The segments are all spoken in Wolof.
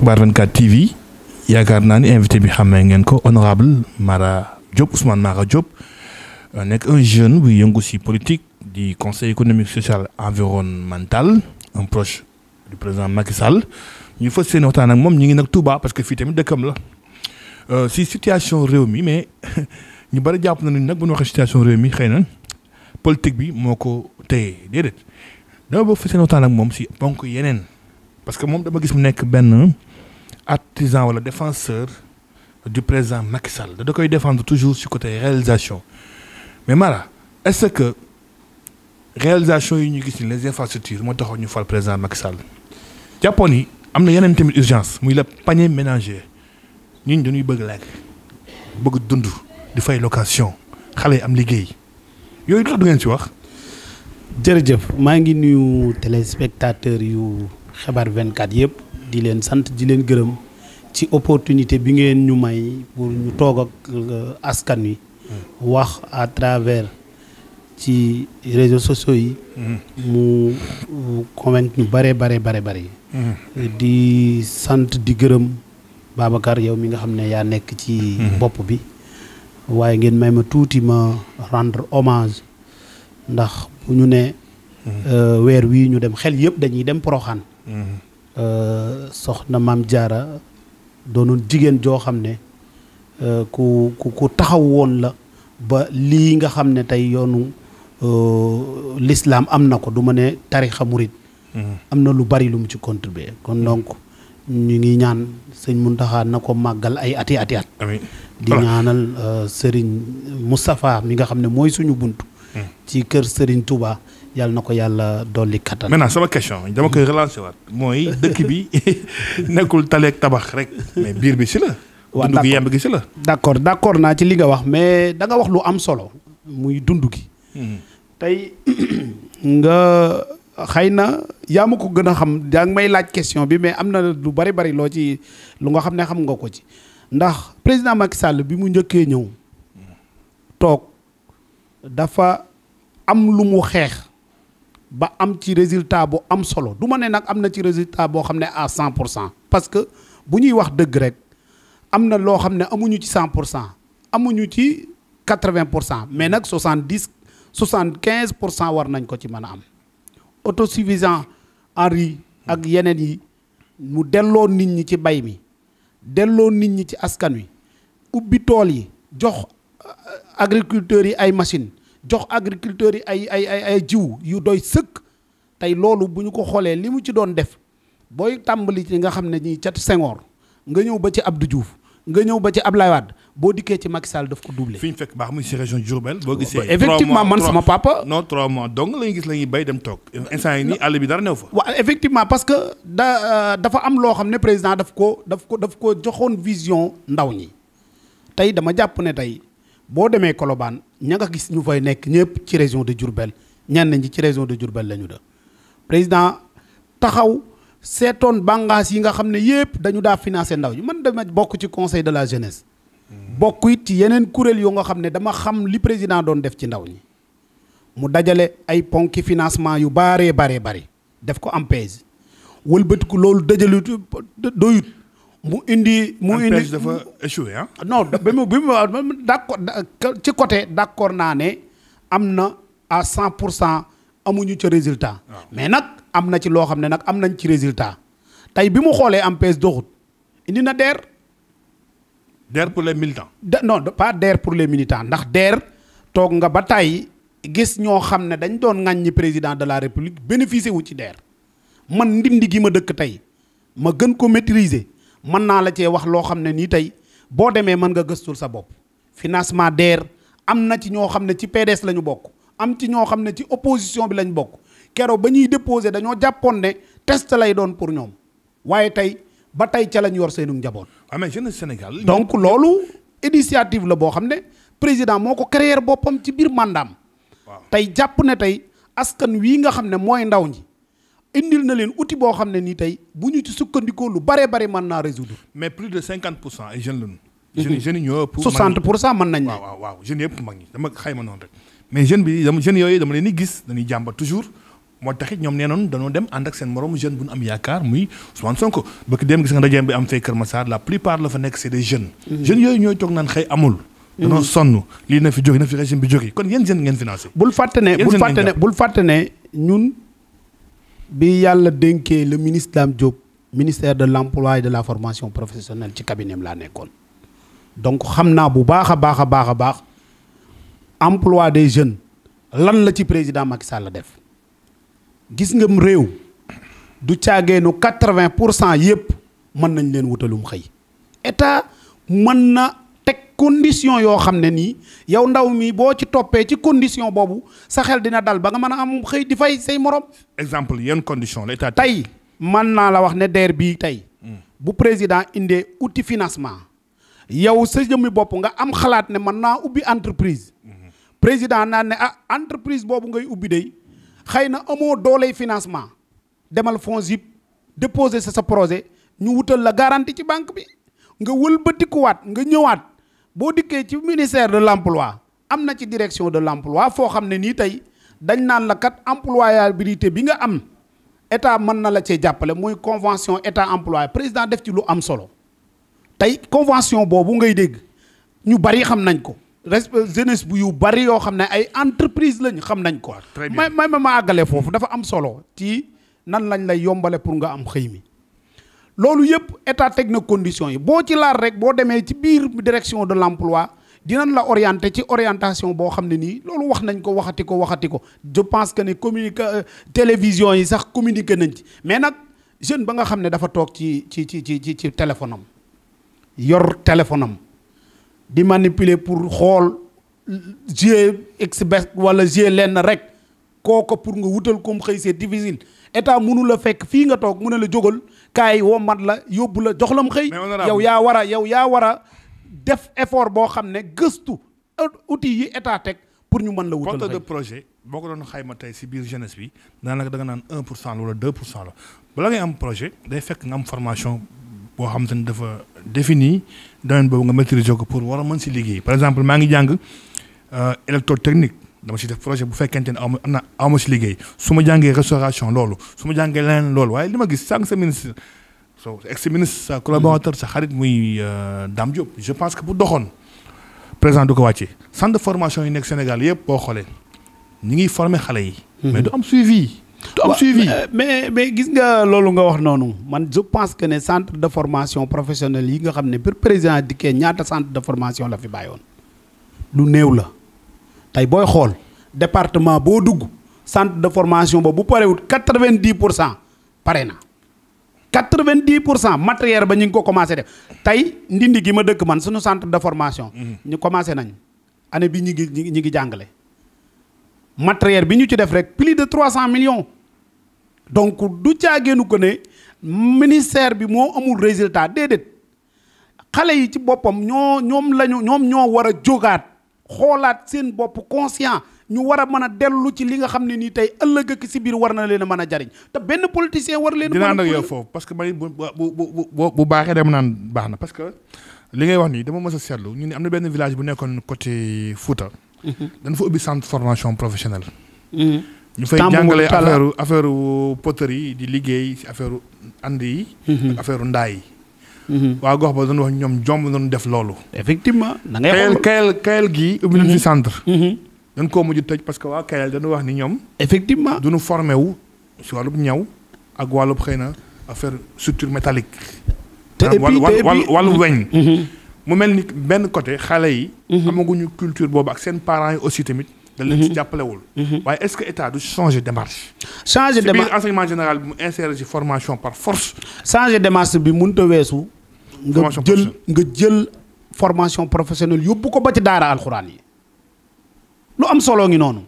Xibaar 24 TV yaakaar naa ni invité bi xamee ngeen ko honorable Mara Diop Ousmane Mara Diop euh, nekk un jeune bu yëngu si politique di conseil économique social environnemental un proche du président Macky Sall ñu fas seen waxtaan ak moom ñu ngi nag Touba parce que fii tamit dëkkam la euh, si situation réew mi mais ñu bari jàpp na ni nag bu ñu waxee situation réew mi xëy na politique bi moo ko téye déedéet dama bëgg fas seen waxtaan ak moom si bonk yeneen parce que moom nekk benn. artisan wala défenseur du président Macky Sall da koy défendre toujours sur côté réalisation mais Mara est-ce que réalisation yi ñu gis ni les infrastructures moo taxoon ñu fal président Macky Sall jàppoon yi am na yeneen tamit urgence muy le panier ménager ñu ñun dañuy bëgg lekk bëgg dund di fay location xale yi am liggéey yooyu tax du ngeen ci wax. jërëjëf maa ngi nuyu téléspectateur yu xibaar 24 yëpp. di leen sant di leen gërëm ci opportunité bi ngeen ñu may pour ñu toog ak euh, askan wi. wax à travers ci réseaux sociaux yi. mu convaincre ñu bare bare bare bare. di sant di gërëm Babacar yow mi nga xam ne yaa nekk ci. bopp bi waaye ngeen may ma tuuti ma rendre hommage ndax bu ñu ne. Hmm. Euh, weer wii ñu dem xel yëpp dañuy dem Poroxaan. Hmm. Euh, soxna maam jaara doonoon jigéen joo xam ne euh, ku ku ku taxaw woon la ba lii nga xam ne tey yoonu euh, lislaam am na ko du ma ne tarixa murit mhm. am na lu bari lu mu ci contribuer kon mhm. donc ñu ngi ñaan sëñ Muntaxa na ko màggal ay ati ati at di ñaanal sëriñ Moustapha mi nga xam ne mooy suñu bunt mhm. ci kër sëriñ Touba yàlla na ko yàlla dolli kattan. maintenant sama question dama koy relancer waat mooy dëkk bi nekkul taleek tabax rek mais biir bi si la. waaw dund gi yemb gi si la. d' accord d' accord naa ci li nga wax mais danga wax lu am solo. muy dund gi. Hmm. tey nga xëy na yaa ma ko gën a xam yaa may laaj question bi mais am na lu bari bari loo ci lu nga xam ne xam nga ko ci. ndax président Macky Sall bi mu njëkkee ñëw toog dafa am lu mu xeex ba am ci résultat bu am solo du ma ne nag am na ci résultat boo xam ne à cent pour cent parce que bu ñuy wax dëgg rek am na loo xam ne amuñu ci cent pour cent amuñu ci quatre vingt pour cent mais nag soixante dix soixante quinze pour cent war nañ ko ci mën a am autosuffisant en riz ak yeneen yi mu delloo nit ñi ci bay mi delloo nit ñi ci askan wi ubbi tool yi jox euh, agriculteurs yi ay machines jox agriculteurs yi ay ay ay ay jiw yu doy sëkk tey loolu bu ñu ko xoolee li mu ci doon def booy tàmbali ci nga xam ne ñii ca Senghor nga ñëw ba ci ab du Diouf nga ñëw ba ci ab Wade boo dikkee ci Macky Sall daf ko doublé. fi ñu fekk baax muy si région Diourbel. boo gisee effectivement man sama papa. non trois mois donc la ñuy gis la ñuy dem toog. instant yi nii àll bi dara new fa. waa effectivement parce que da euh, dafa am loo xam ne président daf ko daf ko daf ko joxoon vision ndaw ñi tey dama jàpp ne tey. boo demee Colobane ña nga gis ñu fay nekk ñëpp ci région de Diourbel ñenn ñi ci région de Diourbel la ñu da président taxaw seetoon bàngaas yi nga xam ne yëpp dañu daa financé ndaw ñi man dama bokk ci conseil de la jeunesse. bokk it ci yeneen kuréel yoo nga xam ne dama xam li président doon def ci ndaw ñi. mu dajale ay ponki financement yu baaree baree bari def ko am pèse wëlbatiku loolu dajalu doyut mu indi mu indi dafa échoué ah. non bi mu bi mu d'accord ci côté d'accord naa ne am na à cent pour cent amuñu ci résultat. Ah. mais nag am na ci loo xam ne nag am nañ ci résultat tey bi mu xoolee ANPEJ doxut indi na DER. DER pour les militants. de non pas DER pour les militants ndax DER toog nga ba tàyyi gis ñoo xam ne dañ doon ñi président de la république bénéficier wu ci DER man ndindi gi ma dëkk tey ma gën ko maîtriser. mën naa la cee wax loo xam ne nii tey boo demee mën nga gëstul sa bopp financement DER am na ci ñoo xam ne ci PDS la ñu bokk am ci ñoo xam ne ci opposition bi lañ bokk kero ba ñuy déposé dañoo jàppoon ne test lay doon pour ñoom waaye tey ba tey ca lañ yor seenu njaboot. amee ah, jeune Sénégal. donc loolu initiative la boo xam ne président moo ko créer boppam ci biir mandaam. tey jàpp ne tey askan wii nga xam ne mooy ndaw ñi. indil na leen uti boo xam ne nii tey bu ñu ci sukkandikoo lu bare bare mën naa résoudre. mais plus de cinquante pour cent ay jeunes lañu. jeunes jeunes ñoo ëpp. noonu rek. mais jeune bi dama jeunes yooyu dama leen di gis dañuy jàmba toujours moo taxit ñoom nee noonu dañoo dem ànd ak seen moroom jeune bu ñu bi am fee Kër Massar la plupart nekk c'est des jeunes. Mmh. jeunes yooyu ñooy toog naan xëy amul. Mmh. dañoo sonn lii na fi jóge na fi régime bi jóge kon yéen jeunes ngeen financé. bul fàtte ne bul fàtte ne bul fàtte ne ñun bi yàlla dénkee le ministre Dame Diop ministère de l'emploi et de la formation professionnelle ci cabinet laa nekkoon donc xam naa bu baax a baax a baax a baax emploi des jeunes lan la ci président Macky Sall la def gis ngam réew du caageenu quatre-vingt pour cent yëpp mën nañ leen wutalum xëy état mën na condition yoo xam ne nii yow ndaw mi boo ci toppee ci condition boobu sa xel dina dal ba nga man a am xëy di fay say morom. exemple yan condition la état tey mën naa la wax ne DER bii tey. Hmm. bu président indee outil financement. yow sa jëmmi bopp nga am xalaat ne man naa ubbi entreprise. Hmm. président naan ne ah entreprise boobu ngay ubbi day xëy na amoo dooley financement. demal fonds yëpp déposer sa sa projet ñu wutal la garantie ci banque bi nga wëlbatikuwaat nga ñëwaat. boo dikkee ci ministère de l'emploi am na ci direction de l'emploi foo xam ne nii tey dañ naan la kat employabilité bi nga am état mën na la cee jàppale muy convention état emploi président def ci lu am solo tey convention boobu ngay dégg ñu bari xam nañ ko jeunesse bu yu bari yoo xam ne ay entreprise lañ xam nañ ko ah, may may ma àggale foofu dafa am solo ci nan lañ lay yombale pour nga am xëy mi loolu yëpp état teg na conditions yi boo ci laar rek boo demee ci biir direction de l'emploi dinañ la orienté ci orientation boo xam ne nii loolu wax nañ ko waxati ko waxati ko je pense que ne communica euh, télévision yi sax communiqué nañ ci mais nag jeune ba nga xam ne dafa toog ci ci ci ci ci téléphone am yor téléphone am di manipuler pour xool g xbes wala g lenn rek kooko pour nga wutal comme xëy c'est difficile état mënu la fekk fii nga toog mu ne la jógal kaay woo man la yóbbu la jox la mu xëy yow yaa war a yow yaa war a def effort boo xam ne gëstu outil yi état teg pour ñu mën la wutal porte de projet boo ko doon xayma tey si biir jeunesse bi daanaka danga naan un pour cent la pour cent la bala ngay am projet day fekk nga am formation boo xam te ne dafa défini domaine boobu nga maîtriser ko pour war a mën si liggéey par exemple maa ngi jàng euh, électrotechnique dama si def projet bu fekkente ne am na am si liggéey su ma jàngee restauration loolu su ma jàngee leneen loolu waaye li ma gis sànq sa ministre so ex ministre sa collaborateur sa xarit muy euh, dam Diop je pense que bu doxoon président du ko wàcce centre de formation yi nekk Sénégal yëpp boo xoolee ñi ngi former xale yi. Mhm. mais du am suivi. du am suivi mais mais gis nga loolu nga wax noonu man je pense que ne centre de formation professionnelle yi nga xam ne pour président dikkee ñaata centre de formation la fi bàyyoon lu néew la. tey booy xool département boo dugg centre de formation ba bu parewut quatre-vingt-dix pour cent pare na quatre-vingt-dix pour cent matériel ba ñu ngi ko commencé def tey ndindi gi ma dëkk man suñu centre de formation. Mhm. ñu commencé nañ année bi ñu ngi ñu ngi jàngale. matériel bi ñu ci def rek plus de trois cent million donc du caageenu ko ne ministère bi moo amul résultat déedéet xale yi ci boppam ñoo ñoom lañu ñoom ñoo war a jógaat. xoolaat seen bopp conscient ñu war a mën a dellu ci li nga xam ne nii tey ëllëg ak si biir war na leen a mën a jariñ te benn politicien war leen. dinaa a yow parce que man bu bu bu bu baaxee dama naan baax na parce que li ngay wax nii dama mës a seetlu ñu ne am na benn village bu nekkoon côté Fouta. Mhm. dañ fa ubbi centre formation professionnelle. Mhm. ñu fay jàngale affaire affaire poterie yi di liggéey si affaire ànd yi. Mhm. ak affaire ndaa yi. Mhm. waa gox ba doon wax ñoom jomb doon def loolu. effectivement da ngay xool kayal kayal gii. ubbi nañ fi mhm. centre. Mhm. dañ koo mujj tëj parce que waa kayal dañu wax ni ñoom. effectivement duñu formé si wàllub ñaw ak wàllub xëy na affaire structure métallique. te et puis wàllu weñ. mu mel ni benn côté xale yi. amaguñu culture boobu ak seen parents yi aussi tamit. da leen ci jàppalewul. waaye est-ce que état du changer démarche. changer démarche si bi mu insérer a weesu. nga jël nga jël formation professionnelle yóbbu ko ba ci daara alxuraan yi lu am solo ngi noonu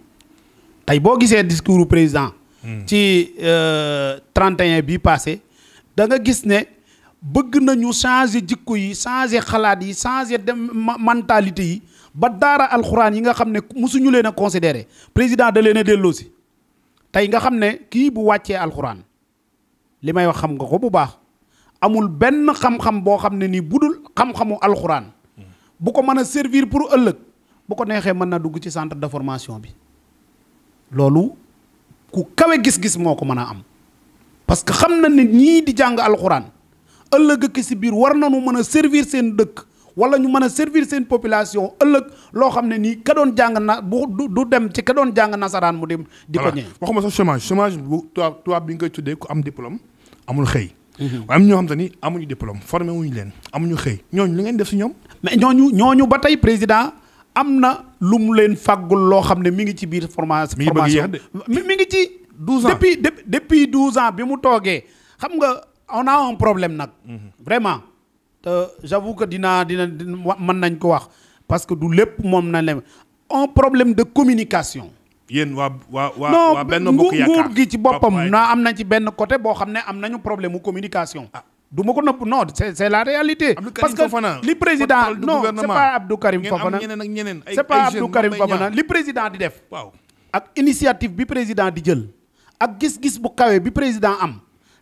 tey boo gisee discours président. Hmm. ci 31 euh, bi passé da nga gis ne bëgg nañu changer jikko yi changer xalaat yi changer dem mentalité yi ba daara alxuraan yi nga xam ne musuñu leen a considéré président da leen a delloosi tey nga xam ne kii bu wàccee alxuraan li may wax xam nga ko bu baax. amul benn xam-xam boo xam ne nii budul xam-xamu alxuraan bu ko mën a servir pour ëllëg bu ko neexee mën na dugg ci centre de formation bi loolu ku kawe gis-gis moo ko mën a am parce que xam na ne ñii di jàng alxuraan ëllëg ak si biir war nañu mën a servir seen dëkk wala ñu mën a servir seen population ëllëg loo xam ne nii ka doon jàng na bu du dem ci ka jàng nasaraan mu dem. di ko ñëw waxuma sax chômage chômage bu tubaab tuwaab bi nga koy tuddee ku am diplôme amul xëy. Mhm. waaye am ñoo xam te ni amuñu diplôme formé wuñu leen amuñu xëy ñooñu li ngeen def si ñoom. mais ñooñu ñooñu ba tey président am na lu mu leen fàggul loo xam ne mi ngi ci biir formation. mi ngi bëgg yéex de mi ngi ci. depuis depuis 12 ans bi mu toogee xam nga on a un problème nag. Mhm. vraiment te j'avoue que dinaa dina man nañ ko wax parce que du lépp moom na leen un problème de communication. yéen waa waa waa waa mbokk yaakaar nguur gi ci boppam naa am na ci benn côté boo xam ne am nañu problème mu communication. Ah. duma ko nëbb noo c'est c'est la réalité. parce que li président non c'est pas Abdou Karim Fofana c'est pas Abdou Karim Fofana li président di def. ak initiative bi président di jël. ak gis-gis bu kawee bi président am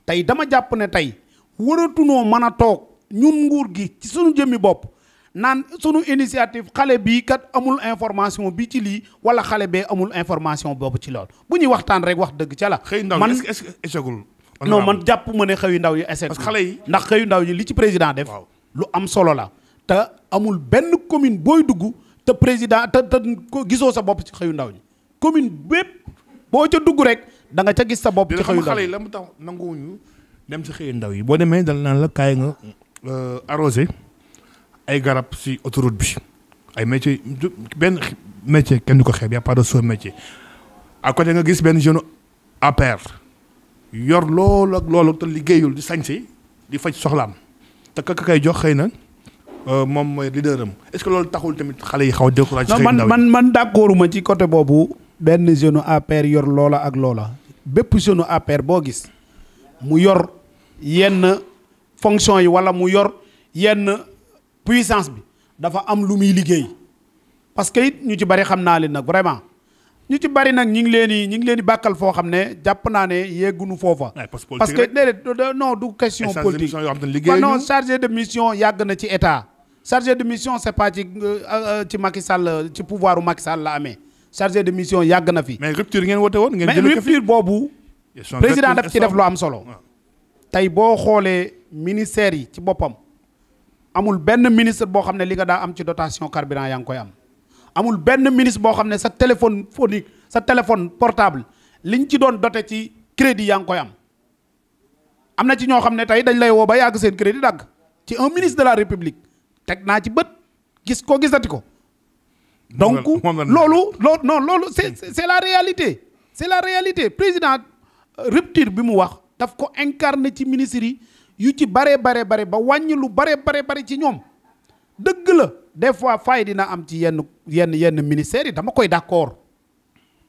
tey dama jàpp ne tey waratunoo mën a toog ñun nguur gi ci suñu jëmmi bopp. naan sunu initiative xale bii kat amul information bi ci lii wala xale bee amul information boobu ci lool bu ñuy waxtaan rek wax dëgg ca la. xëy ndaw man est-ce que échecul man jàpp ma ne xëyu ndaw yi échec. xale yi ndax xëyu ndaw yi li ci président def. lu am solo la. te amul benn commune booy dugg te président te te gisoo sa bopp ci xëyu ndaw ñi commune bépp boo ca dugg rek da nga ca gis sa bopp. ci xëyu ndaw yi la mu tax nanguwuñu dem ci xëyu ndaw yi boo demee dal naan la kaay nga euh, arrosé. ay garab si autoroute bi ay métier benn métier kenn du ko xeeb y' soo pas de sot côté nga gis benn jeune APR yor loolu ak loolu te liggéeyul di sañse di faj soxlaam te kaka kay jox xëy na euh, moom mooy leader am est-ce que loolu taxul tamit xale yi xaw a découragé. xëy man man man d'accord ma ci côté boobu. benn jeune APR yor loola ak loola bépp jeune APR boo gis mu yor yenn fonction yi wala mu yor yenn. puissance bi dafa am lu muy liggéey parce que it ñu ci bari xam naa leen nag vraiment ñu ci bari nag ñu ngi leen di ñu ngi leen di bàkkal foo xam ne jàpp naa ne yeggunu foofa. parce que déedéet non du question politique non chargé de mission yàgg na ci état. chargé de mission c'est pas ci euh, euh, ci Macky Sall ci pouvoiru Macky Sall la amee chargé de mission yàgg na fi. mais rupture ngeen wote woon ngeen jël rupture boobu. président daf ci def lu am solo. tey boo xoolee ministère yi ci boppam. amul benn ministre boo xam ne li nga daa am ci dotation carburant yaa ngi koy am amul benn ministre boo xam ne sa téléphone phonique sa téléphone portable liñ ci doon dote ci crédit yaa ngi koy am am na ci ñoo xam ne tey dañ lay woo ba yàgg seen crédit dagg ci un ministre de la république teg naa ci bët gis ko gisati ko donc loolu loolu noon loolu c'est c'est la réalité c'est la réalité président euh, rupture bi mu wax daf ko incarné ci ministre yi yu ci bare bare bare ba wàññi lu bare bare bare ci ñoom dëgg la des fois faay dina am ci yenn yenn yenn ministères yi dama koy d'accord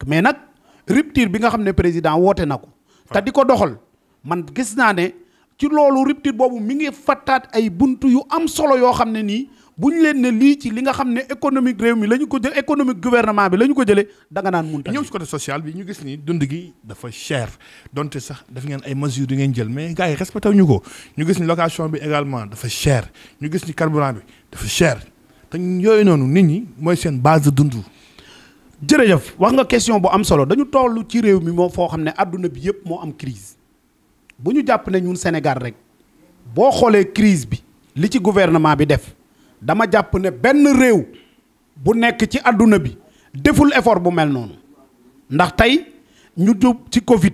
mais nag rupture bi nga xam ne président woote na ko te di ko doxal man gis naa ne ci loolu rupture boobu mi ngi fattaat ay bunt yu am solo yoo xam ne nii bu ñu leen ne lii ci li nga xam ne économique réew mi la ñu ko jël économique gouvernement bi la ñu ko jëlee da nga naan mun ta ñëw si côté bi ñu gis ni dund gi dafa cher donte sax daf ngeen ay mesures yu ngeen jël mais gars yi respecté ñu ko ñu gis ni location bi également dafa cher ñu gis ni carburant bi dafa cher te yooyu noonu nit ñi mooy seen base dund jërëjëf wax nga question bu am solo dañu toll ci réew mi moo foo xam ne adduna bi yëpp moo am crise bu ñu jàpp ne ñun Sénégal rek boo xoolee crise bi li ci gouvernement bi def dama jàpp ne benn réew bu nekk ci àdduna bi deful effort bu mel noonu ndax tey ñu jub ci Covid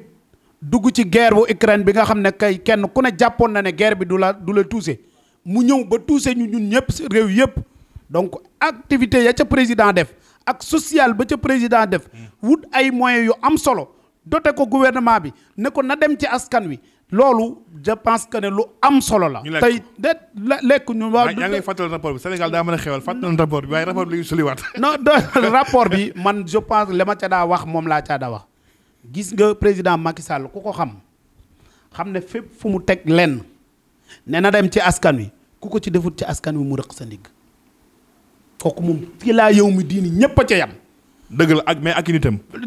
dugg ci guerre bu Ukraine bi nga xam ne kay kenn ku ne jàppoon na ne guerre bi du la du la touché mu ñëw ba touché ñu ñun ñëpp réew yëpp donc activité ya ca président def ak sociale ba ca président def wut ay moyens yu am solo dote ko gouvernement bi ne ko na dem ci askan wi loolu je pense que ne lu am solo la. tey de lekk ñu. waaw yaa ngi fàttali rapport bi Sénégal daa mën a xewal fàttali rapport bi waaye rapport bi la ñuy suliwaat. non de rapport bi man je pense li ma ca daa wax moom laa caa daa wax gis nga président Macky Sall ku ko xam xam ne fépp fu mu teg lenn ne na dem ci askan wi ku ko ci defut ci askan wi mu rëq sa ndigg kooku moom fii laa yow mi diini ñëpp ca yam. dëgg la ak mais ak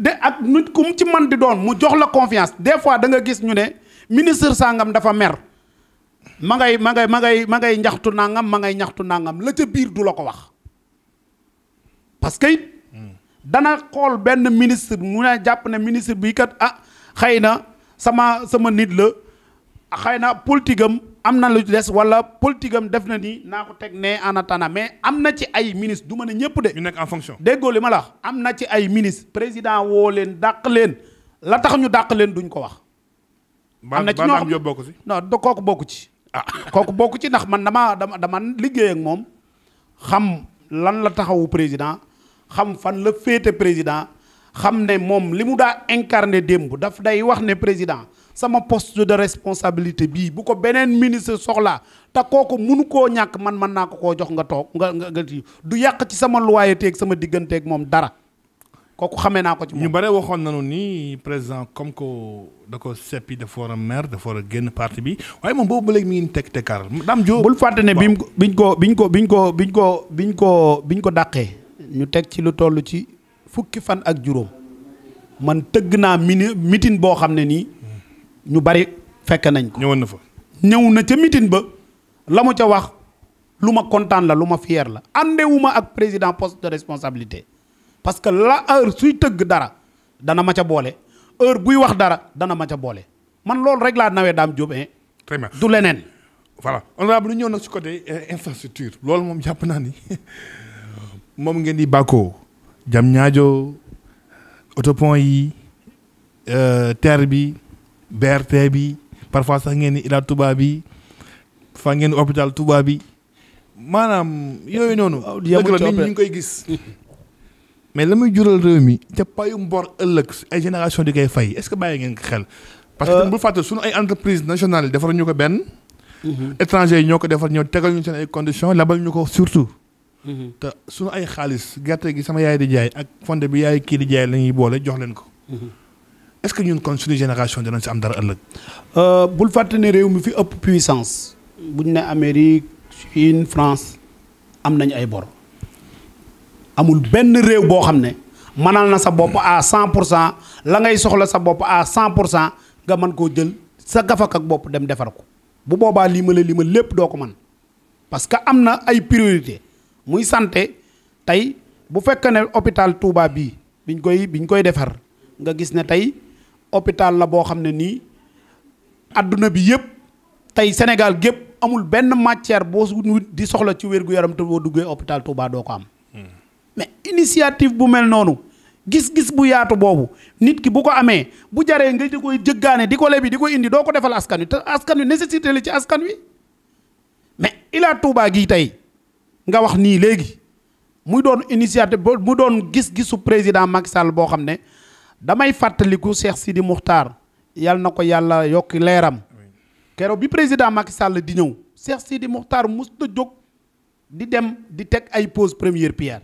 de ak nit ku ci man di doon mu jox la confiance des fois da nga gis ñu ne. ministre sàngam dafa mer ma ngay ma ngay ma ngay ma ngay njaxtu nangam ma ngay ñaxtu nangam la ca biir du la ko wax parce que dana xool benn ministre mu ne jàpp ne ministre bi kat ah xëy na sama sama nit la xëy na politique am na lu des wala politique def na nii naa ko teg nee en attendant mais am na ci ay ministre du ma ne ñëpp de. ñu nekk en déggoo li ma la wax am na ci ay ministre président woo leen dàq leen la tax ñu dàq leen duñ ko wax. am na ci ñoo xam bokk ci non da kooku bokk ci ah kooku bokku ci ndax man damaa dama dama liggéey ak moom xam lan la taxawu président xam fan la féete président xam ne moom li mu daa incarné démb daf day wax ne président sama post de responsabilité bii bu ko beneen ministre soxlaa te kooku munu koo ñàkk man mën naa ko koo jox nga toog nga nga du yàq ci sama loyauté teeg sama digganteeg moom dara kooku xamee naa ko ci moom. ñu bare waxoon nañu ni président comme que da ko seppi dafa war a maire dafa war a génn parti bi waaye moom boobu ba léegi mi ngi teg tekkaaral Dame Diop. bul fàtte ne biñ biñ ko ñu ko biñ ko biñ ko biñ ko biñ ko dàqee. ñu teg ci lu toll ci fukki fan ak juróom man tëgg naa mini mitin boo xam ne nii ñu bari fekk nañ ko. ñëwoon na fa. ñëw na ca mitin ba la mu ca wax lu ma kontaan la lu ma fier la àndewuma ak président post de responsabilité. parce que la heure suy tëgg dara dana ma boole heure guy wax dara dana ma ca boole man loolu rek laa nawee daam Diop très du leneen. voilà honorable ñu ñëw nag si côté euh, infrastructure loolu moom jàpp naa ni moom ngeen di bàkkoo jam ñaajo autopont yi euh, terre bi BRT bi parfois sax ngeen di Ila Touba bi fa ngeen hôpital Touba bi maanaam yooyu noonu. dëgg la nit ñi ngi koy gis. mais la muy jural réew mi te payu mbor ëllëg ay génération di koy fay est ce que bàyyi ngeen ko xel. parce que euh. bu fàtte suñu ay entreprise nationale yi defar ñu ko benn. Mhm. étranger yi ñoo ko defar ñoo tegal ñu seen ay conditions labal ñu ko surtout. Mhm. te suñu ay xaalis gerte gi sama yaay di jaay ak fonde bi yaay kii di jaay la ñuy boole jox leen ko. Mhm. est ce que ñun kon suñu génération dinañ si am dara ëllëg. Euh, bul fàtte ne réew mi fi ëpp puissance. buñ ne Amérique Chine France am nañ ay bor. amul benn réew boo xam ne mënal na sa bopp à cent pour cent la ngay soxla sa bopp à cent pour cent nga mën koo jël sa gafak ak bopp dem defar ko bu boobaa lii ma la lii ma lépp doo ko mën parce que am na ay priorité muy santé tey bu fekk ne hôpital Touba bii biñ koy biñ koy defar nga gis ne tey hôpital la boo xam ne nii adduna bi yëpp tey Sénégal gépp amul benn matière boo di soxla ci wér gu yaram te boo duggee hôpital Touba doo ko am mais initiative bu mel noonu gis-gis bu yaatu boobu nit ki bu ko amee bu jaree nga di koy jëggaane di ko lebi di ko indi doo ko defal askan wi te askan wi nécessité la ci askan wi mais Ila Touba gii tey nga wax nii léegi muy doon initiative mu doon gis-gisu président Macky Sall boo xam ne damay fàttaliku Cheikh Sidi Moukhtar yal na ko yàlla yokk leeram keroog bi président Macky Sall di ñëw si di Moukhtar mus na jóg di dem di teg ay pose première pierre.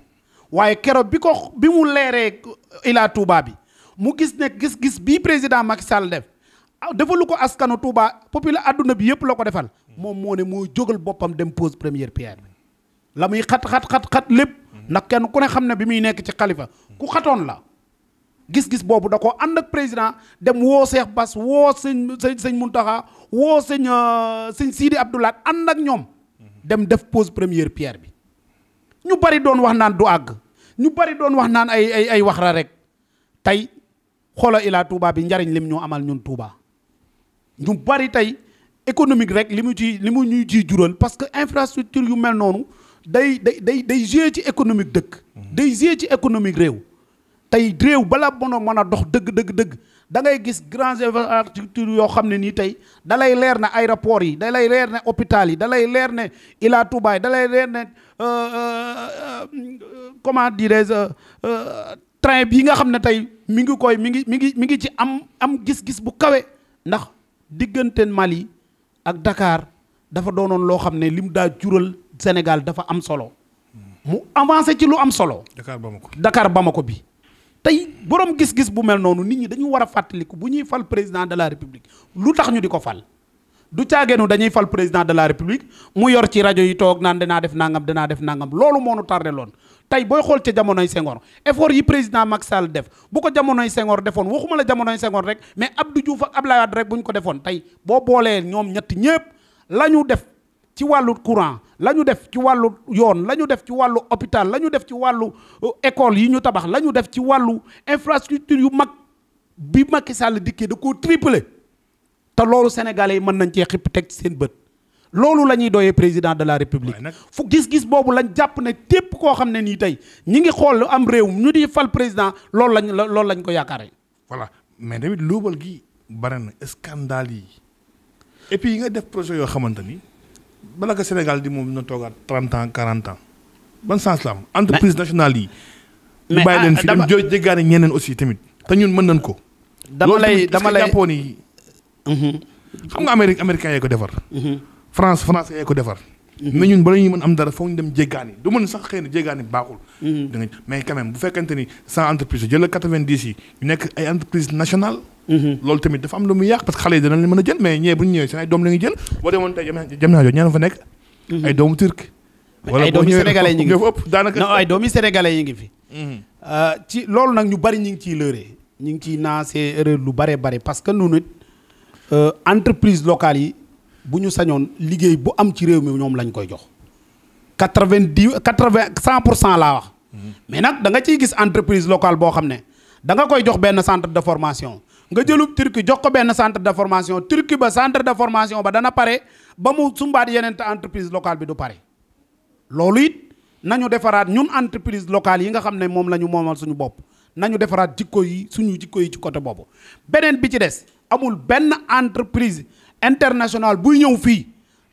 waaye keroog bi ko bi mu leeree Ila Touba bi mu gis ne gis-gis bii président Macky Sall def ah, defalu ko askanu Touba popula àdduna bi yëpp la ko defal moom moo ne moo jógal boppam dem pose première pierre bi la muy xat xat xat xat lépp ndax kenn ku ne xam ne bi muy nekk ci xalifa ku xatoon la gis-gis boobu da ko ànd ak président dem woo Cheikh Bass woo sëñ sëñ sëñ Mountakha woo sëñ euh, sëñ Sidi Abdoulaye ànd ak ñoom dem def pose première pierre bi ñu bari doon wax naan du àgg ñu bari doon wax naan ay ay ay wax ra rek tey xoola Ila Touba bi njariñ lim ñoo amal ñun Touba ñu bari tey économique rek li mu ci li mu ñuy ciy jural parce que infrastructure yu mel noonu day day day day joué ci économique dëkk. Mhm. day joué ci économique réew. tey réew bala mën a mën a dox dëgg dëgg dëgg da ngay gis grandes infrastructures yoo xam ne nii tey dalay lay leer ne aéroport yi da lay leer ne hôpital yi da lay leer ne Ila Touba dalay da lay leer ne euh, euh, comment dirais-je euh, train bii nga xam ne tey mi ngi koy mi ngi mi ngi mi ngi ci am am gis-gis bu kawe ndax diggante Mali ak dakaar dafa doonoon loo xam ne lim daa jural Sénégal dafa am solo mu avancé ci lu am solo. Dakar Bamako Dakar Bamako bi. tey borom gis-gis bu mel noonu nit ñi dañu war a fàttaliku bu ñuy fal président de la république lu tax ñu di ko fal du caageenu dañuy fal président de la république mu yor ci rajo yi toog naan danaa def nangam danaa def nangam loolu moo nu tardé loon tey booy xool ca jamonoy Senghor effort yi président Macky Sall def bu ko jamonoy Senghor defoon waxuma la jamonoy Senghor rek mais ab Abdou Diouf ak Abdoulaye Wade rek bu ñu ko defoon tey boo boolee ñoom ñetti ñëpp la ñu def ci wàllu courant la ñu def ci wàllu yoon la ñu def ci wàllu hôpital la ñu def ci wàllu euh, école yi ñu tabax la ñu def ci wàllu infrastructure yu mag bi Macky sàll dikkee da koo triple te loolu sénégalais yi mën nañ cee xipp teg ci seen bët loolu la ñuy doyee président de la république fu gis-gis boobu lañ jàpp ne tépp koo xam ne nii tey ñi ngi xool am réew ñu di fal président loolu lañ lool lañ ko yaakaaree. voilà mais tamit luubal gi bare na scandale yi et yi nga def projet yoo xamante ni. ba bala ko Sénégal di moom na toogaat trente ans quarante ans ban sens la am. entreprise nationale yi. mais bàyyi ah, leen fi dem jë jéggaane ñeneen aussi tamit. te ñun mën nañ ko. dama lay dama lay jàppoon yi. Mhm. xam nga Amérique américain ko defar. Mhm. France France yee ko defar. Mhm. mais ñun bala ñuy mën am dara foog ñu dem jéggaani du man sax xëy na jéggaani baaxul. mais quand bu fekkente ni sans entreprise jël la quatre-vingt-dix yi ñu nekk ay entreprise nationale. Mm-hmm. loolu tamit dafa am lu muy yàq parce que xale yi danañ leen mën a jël mais ñee bu ñu ñëwee seen ay doom la ñuy jël boo demoon tey jam naa ñaan fa nekk mm-hmm. ay doomu turc wala ay doomu sénégalais ñu ngi fi ëpp yi ngi fi ci loolu nag ñu bari ñu ngi ciy lëre ñu ngi ciy naasee erreur lu bare bare parce que noonu it euh, entreprise locale yi bu ñu sañoon liggéey bu am ci réew mi ñoom lañ koy jox quatre-vingt-dix quatre-vingt cent pour cent laa wax mm-hmm. mais nag da nga gis entreprise locale boo xam ne da koy jox benn centre de formation nga jëlub turki jox ko benn centre de formation turki ba centre de formation ba dana pare ba mu sumbaat yeneen te entreprise locale bi du pare loolu it nañu defaraat ñun entreprise locale yi nga xam ne moom la ñu moomal suñu bopp nañu defaraat jikko yi suñu jikko yi ci côté boobu beneen bi ci des amul benn entreprise internationale buy ñëw fii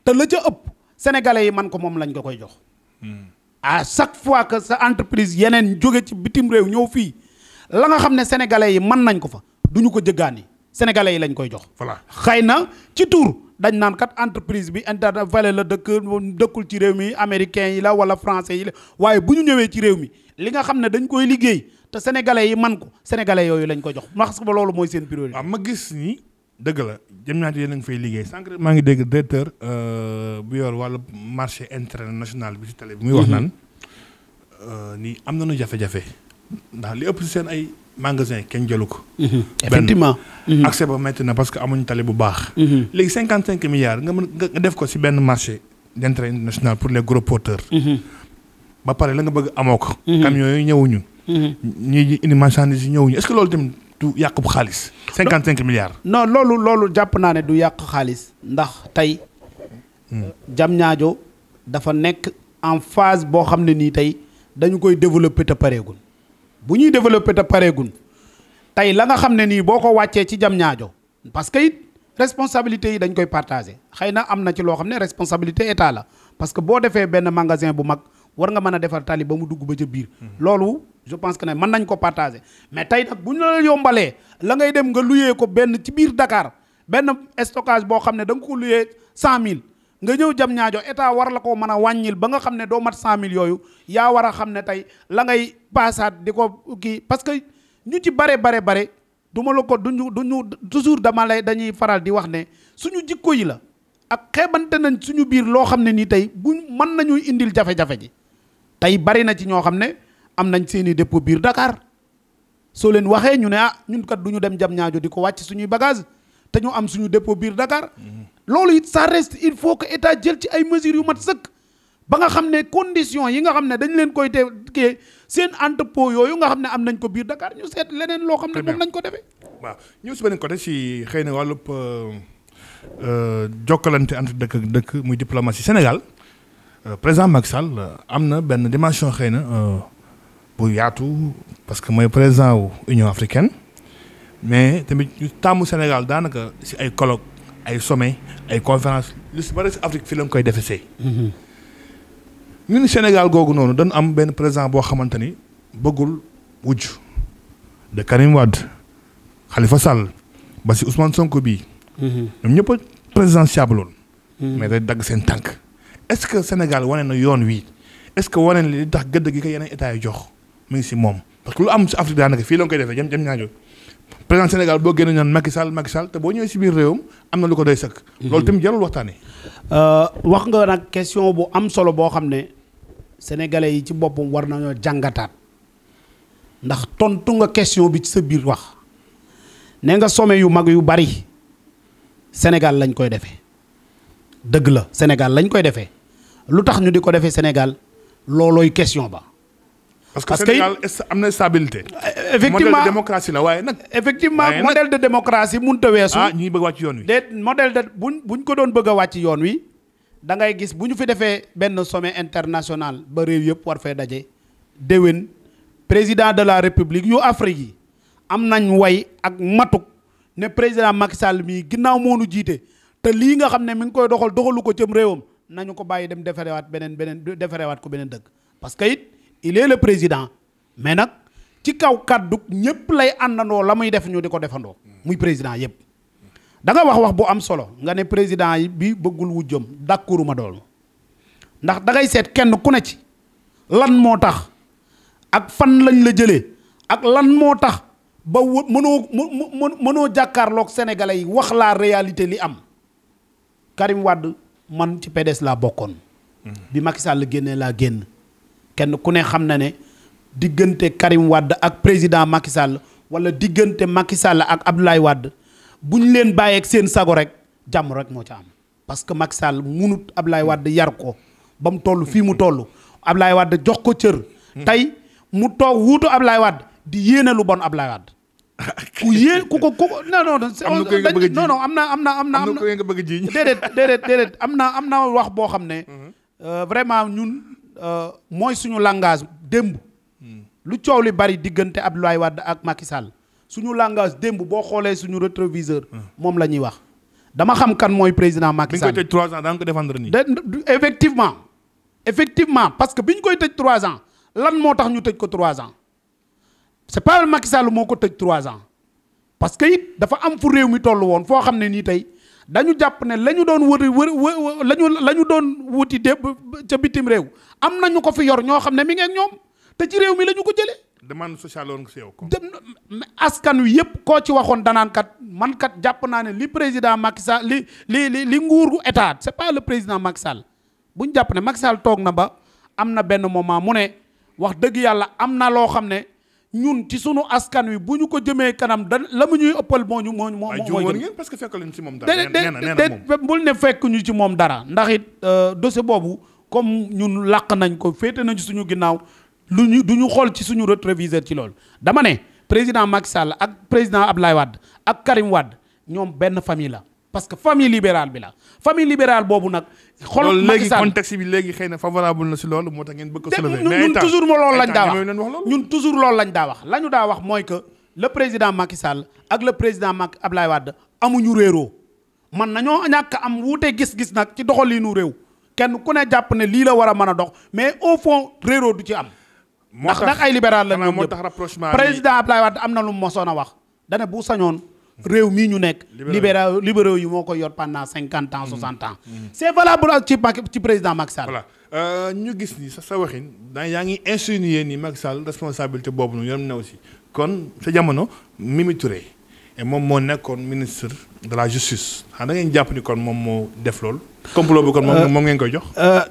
te la ca ëpp sénégalais yi man ko moom lañ ko koy jox hmm. à chaque fois que sa entreprise yeneen jóge ci bitim réew ñëw fii la nga xam ne sénégalais yi mën nañ ko fa du ñu ko jëggaani sénégalais yi lañ koy jox. voilà xëy na ci tur dañ naan kat entreprise bi internet vale la dëkk dëkkul ci réew mi américain yi la wala français yi la waaye bu ñu ñëwee ci réew mi li nga xam ne dañ koy liggéey te sénégalais yi man ko sénégalais yooyu lañ ko jox wax ba loolu mooy seen priorité. waaw ma gis ni dëgg la jëm naa yéen a ngi fay liggéey sànq maa ngi dégg directeur euh, bu yor wàllu marché international bi ci télé bi. muy wax mhm. naan euh, nii am nañu jafe-jafe ndax ay. magasin kenn jëlu ko. Mhm. effectivement mhm. accès ba métti na parce que amuñu tali bu baax. Mhm. léegi cinquante cinq milliards nga mën nga def ko si benn marché d'intérêt international pour les gros porteurs. ba pare la nga bëgg amoo ko. camions yooyu ñëwuñu. ñii indi marchandise yi ñëwuñu est-ce que loolu tamit du yàq bu xaalis. cinquante cinq milliards. non loolu loolu jàpp naa ne du yàq xaalis. ndax tey. Hmm. jam Diamniadio dafa nekk en phase boo xam ne nii tey dañu koy développer te pareegul. bu ñuy développé te pareegun tey la nga xam ne nii boo ko wàccee ci jam ñaajo parce que it responsabilité yi dañ koy partagé xëy na am na ci loo xam ne responsabilité état la parce que boo defee benn magasin bu mag war nga mën a defar tali ba mu dugg ba ca biir. Hmm. loolu je pense que ne mën nañ ko partagé mais tey nag bu ñu la yombalee la ngay dem nga luyee ko benn ci biir Dakar benn stockage boo xam ne da nga ko luyee cent mille. nga ñëw jam ñaajo état war la koo mën a wàññil ba nga xam ne doo mat cent mille yooyu yaa war a xam ne tey la ngay paasaat di ko kii parce que ñu ci bare bare bare du ma la ko du duñu toujours dama lay dañuy faral di wax ne suñu jikko yi la ak xeebante nañ suñu biir loo xam ne nii tey bu mën nañuy indil jafe ji tey bari na ci ñoo xam ne am nañ seeni dépôt biir Dakar soo leen waxee ñu ne ah ñun kat du ñu dem jam ñaajo di ko wàcc suñuy bagage te ñu am suñu dépôt biir Dakar mm-hmm. loolu it ça reste il faut que état jël ci ay mesures yu mat sëkk ba nga xam ne conditions yi nga xam ne dañ leen koy te kii seen entrepôt yooyu nga xam ne am nañ ko biir Dakar ñu seet leneen loo xam ne moom lañ ko defee. waaw ñëw si beneen côté si xëy na wàllub euh, euh, jokkalante entre dëkk dëkk muy diplomatie Sénégal euh, président Macky Sall am na benn dimension xëy na bu yaatu parce que mooy président wu Union africaine mais tamit ñu Sénégal daanaka si ay colloque ay sommet ay conférence lu si bëri si Afrique fii la ñu koy defesee. ñun Sénégal googu noonu dañu am benn président boo xamante ni bëggul wujj de Karim Wade Khalifa Sall ba si Ousmane Sonko bii. Mhm. ñoom ñëpp présidentiable loon mhm. mais day dagg seen tànk. est-ce que Sénégal wane na yoon wii est-ce que wane li tax gëdd gi ko yeneen état yi jox mu ngi si moom parce que lu am si Afrique daanaka fii la ñu koy defee jëm jëm ñaajo président Sénégal boo génne ñaan Macky Sall Macky Sall te boo ñëwee si biir réewam am na lu ko doy sëkk. Mhm. loolu tamit jarul waxtaanee. Euh, wax nga nag question bu am solo boo xam ne sénégalais yi ci boppam war nañoo jàngataat ndax tontu nga question bi ci sa biir wax ne nga some yu mag yu bari Sénégal lañ koy defee dëgg la Sénégal lañ koy defee lu tax ñu di ko defee Sénégal loolooy question ba. parce que Sénégal am na stabilité. effectivement modèle de démocratie la waaye nag. effectivement modèle de démocratie mënut a weesu. ah ñi bëgg wàcc yoon wi. déet modèle de buñ buñ ko doon bëgg a wàcc yoon wi da ngay gis bu ñu fi defee benn sommet international ba réew yëpp war fee daje. déwén président de la république yu Afrique yi am nañ way ak matuk ne président Macky Sall mii ginnaaw nu jiite te lii nga xam ne mi ngi koy doxal doxalu ko cëm réewam nañu ko bàyyi dem defarewaat beneen beneen defarewaat ko beneen dëkk parce que il la président mais nag ci kaw kàddu ñépp lay àndandoo la muy def ñu di ko defandoo muy président yépp da nga wax wax bu am solo nga ne président yi bi bëggul wujjam d'accord ma dool ndax dangay seet kenn ku ne ci lan moo tax ak fan lañ la jëlee ak lan moo tax ba mënoo mënoo jàkkaarlook sénégalais yi wax laa réalité li am Karim wàdd man ci PDS laa bokkoon bi Macky Sall génnee laa génn kenn ku ne xam na ne diggante Karim Wade ak président Macky Sall wala diggante Macky Sall ak Abdoulaye Wade bu ñu leen bàyyeek seen sago rek jàmm rek moo ca am parce que Macky Sall munut Abdoulaye Wade yar ko ba mu toll fii mu toll Abdoulaye wàdd jox ko cër. tey mu toog ab lay wàdd di yéene lu bon Abdoulaye Wade. ku yée ku ko ku non non non am na am na am na am na déedéet déedéet déedéet am na am na wax boo xam ne euh, vraiment ñun Euh, mooy suñu langage démb. lu coow li bari diggante laay Wade ak Macky suñu langage démb boo xoolee suñu rétroviseur. Ah. moom la ñuy wax dama xam kan mooy président Macky Sall. bi ñu koy tëj trois ans daan ko défendre effectivement parce que bi ñu koy tëj trois ans lan moo tax ñu tëj ko trois ans c'est pas Macky Sall moo ko tëj trois ans parce que it dafa am fu réew mi toll woon foo xam ne nii tey. dañu jàpp ne la ñu doon wuti wër lañu la ñu doon wuti dé ca bitim réew am nañu ko fi yor ñoo xam ne mi ngi ñoom te ci réew mi la ñu ko jële demande sociale woon si yow ko. askan wi yëpp koo ci waxoon danaan mankat jàpp naa ne li président Macky Sall li li li li nguuru état c'est pas le président Macky Sall bu ñu jàpp ne Macky Sall toog na ba am na benn moment mu ne wax dëgg yàlla am na loo xam ne. ñun ci suñu askan wi bu ñu ko jëmee kanam da la mu ñuy ëppal moo ñu moo moo mooy ngeen parce que fekk lañu ci moom dara déedéet bul ne fekk ñu ci moom dara ndax it euh, dossier boobu comme ñun làq nañ ko féete nañ suñu ginnaaw lu ñu du ñu xool ci suñu rétroviseur ci loolu dama ne président Macky Sall ak président lay Wade ak Karim Wade ñoom benn famille la parce que famille libérale bi la famille libérale boobu nag. xol Macky Sall contexte bi léegi xëy na favorable na si loolu moo tax ngeen bëgg ko soulever mais ñun toujours loolu lañ daa wax ñun daa wax ñu daa wax mooy que le président Macky Sall ak le président Macky Abdoulaye Wade amuñu réeroo man nañoo ñàkk am wuute gis-gis nag ci doxalinu réew kenn ku ne jàpp ne lii la war a mën a dox mais au fond réeroo du ci am. moo tax ndax ay libéral la ñu. moo tax rapprochement président Abdoulaye am na lu mosoon a wax dane bu sañoon. réew mii ñu nekk. libéraux libéraux yi moo ko yor pendant cinquante ans mm-hmm. soixante ans. Mm-hmm. c' est valable ci Macky ci président Macky Sall. voilà euh, ñu gis nii sa sa waxin daan yaa ngi insinué ni Macky Sall responsabilité boobu noonu yoon na aussi kon sa jamono Mimi moom moo nekkoon ministre de la justice xam da ngeen jàpp ni kon moom moo def loolu. complot bi kon moom euh, moom ngeen koy jox. Euh,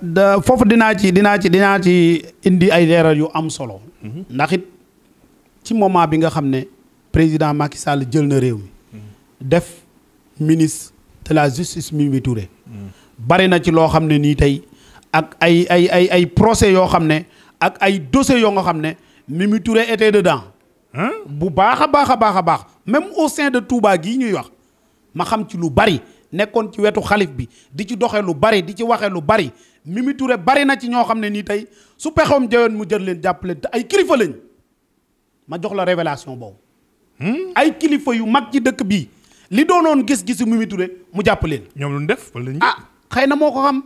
foofu dinaa ci dinaa ci dinaa ci indi ay leeral yu am solo. Mm-hmm. ndax it ci moment bi nga xam ne président Macky Sall jël réew mi. def ministre te la justice Mimi Touré bari na ci loo xam ne nii tey ak ay ay ay ay procès yoo xam ne ak ay dossiers yoo nga xam ne Mimi Touré était dedans bu baax a baax a baax a baax même au sein de Touba gii ñuy wax ma xam ci lu bari nekkoon ci wetu xalif bi di ci doxe lu bari di ci waxe lu bari Mimi Touré bari na ci ñoo xam ne nii tey su pexoom jayoon mu jël leen jàpp leen te ay kilifa lañ ma jox la révélation boobu hmm? ay kilifa yu mag ci dëkk bii li doonoon gis-gisu Mimi Touré mu jàpp leen. ñoom lu def wala ah xëy na moo ko xam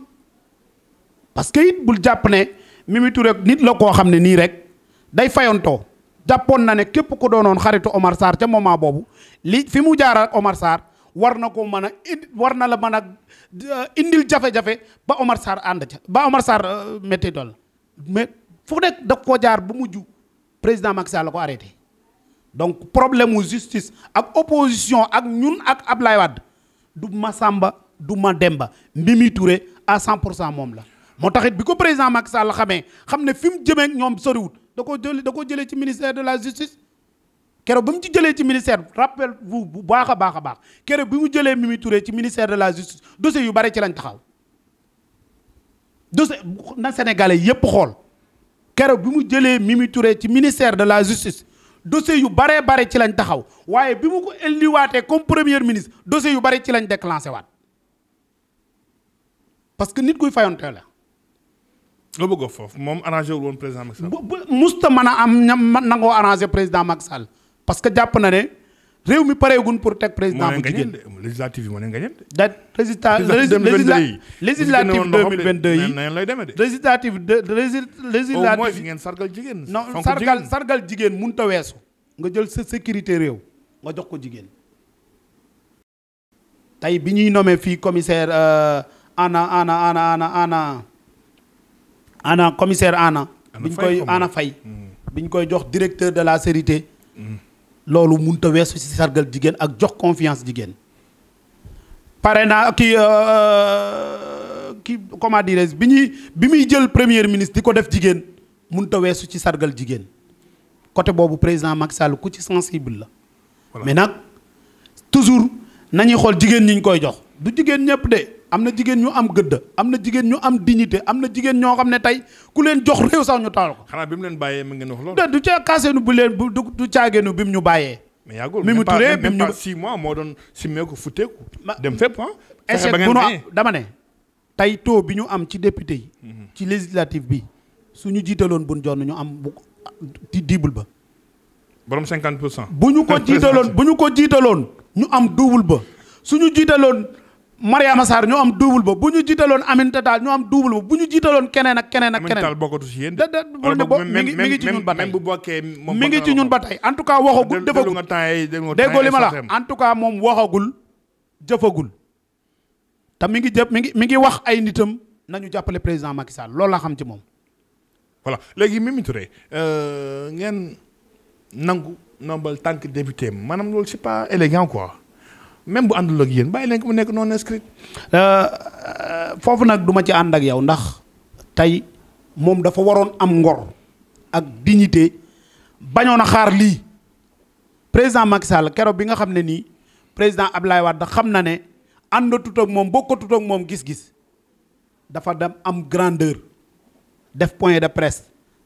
parce que bul jàpp ne Mimi Touré nit la koo xam ne nii rek day fayantoo jàppoon na ne képp ko doonoon xaritu Omar Sarr ca moment boobu li fi mu jaar ak Omar war na koo man a war na la mën a euh, indil jafe-jafe ba Omar ànd ca ba Omar Sarr euh, métti dool mais fu nekk daf koo jaar bu mujj président Macky la ko arrêté. donc problème mu justice ak opposition ak ñun ak ab Ablaye Wade du ma Masamba du Mademba Mimi Touré à 100 pour cent moom la. moo tax it bi ko président Macky Sall xamee xam ne fi mu jëmee ñoom soriwut da koo jëlee da koo jëlee ci ministère de la justice keroog ba mu ci jëlee ci ministère rappel vous bu baax a baax a baax keroog bi mu jëlee Mimi Touré ci ministère de la justice dossier yu bare ci lañ taxaw dossier na Sénégalais yépp xool keroog bi mu jëlee Mimi Touré ci ministère de la justice. dossier yu baree bare ci lañ taxaw waaye bi mu ko indiwaatee comme premier ministre dossier yu bare ci lañ déclenché waat parce que nit kuy fayonte la. nga bëgg foofu moom arrangé wul woon président Macky Sall. musta mën a am ñam nangoo arrangé président Macky Sall parce que jàpp na ne. réew mi pareegun pour teg président bu jigéen législative yi moo leen gañeen da résultat législative 2022 yi nan lay demee de législative législative au moins ngeen sargal jigéen non sargal sargal jigéen mun ta weesu nga jël sa sécurité réew nga jox ko jigéen tey bi ñuy nommé fii commissaire euh, ana ana ana ana ana ana commissaire ana biñ koy ana fay mm. biñ koy jox directeur de la sécurité mm. loolu mënut a weesu ci sargal jigéen ak jox confiance jigéen pare na ki euh, euh, ki comment dirais-je bi ñuy bi muy jël premier ministre di ko def jigéen mënut a weesu ci sargal jigéen côté boobu président Macky Sall ku ci sensible la mais nag toujours nañuy xool jigéen ñi ñu koy jox du jigéen ñëpp de am na jigéen ñu am gëdd am na jigéen ñu am dignité am na jigéen ñoo xam ne tey ku leen jox réew sax ñu taal ko. xanaa bi mu leen bàyyee mu ngeen wax loolu. du ca kaaseenu bu leen bu du caageenu bi mu ñu bàyyee. mais yàggul mi mu turee bi mu ñu mois moo doon simmeeku futteeku. dem fépp ah. échec bu nu am tey taux bi ñu am ci député yi. Mhm. ci législative bi su ñu jiitaloon bun jonn ñu am bu di diibul ba. borom 50 pour cent. bu ñu ko jiitaloon bu ñu ko jiitaloon ñu am double ba su ñu jiitaloon. Mariama Sarr ñoo am double ba bu ñu jiitaloon Aminata Tall ñoo am double ba bu ñu jiitaloon keneen ak keneen ak keneen. Aminata Tall bokkatu si yéen. da da mi ngi mi ngi ci ñun ba tey mi ngi ci ñun ba tey en tout cas waxagul defagul déggoo ma la en moom waxagul jëfagul te mi ngi jëf mi ngi mi ngi wax ay nitam nañu jàppale président Macky Sall lool la xam ci moom. voilà léegi Mimi Touré euh, ngeen nangu nombal tànk député maanaam loolu c'est pas élégant même bu àndul ak yéen bàyyi leen ko mu nekk non inscrit euh, euh, foofu nag duma ci ànd ak yow ndax tey moom dafa waroon am ngor ak dignité bañoon a xaar lii président Macky Sall keroog bi nga xam ne nii président ab Abdoulaye Wade xam na ne àndatut ak moom bokkatut ak moom gis-gis dafa dem am grandeur def point de presse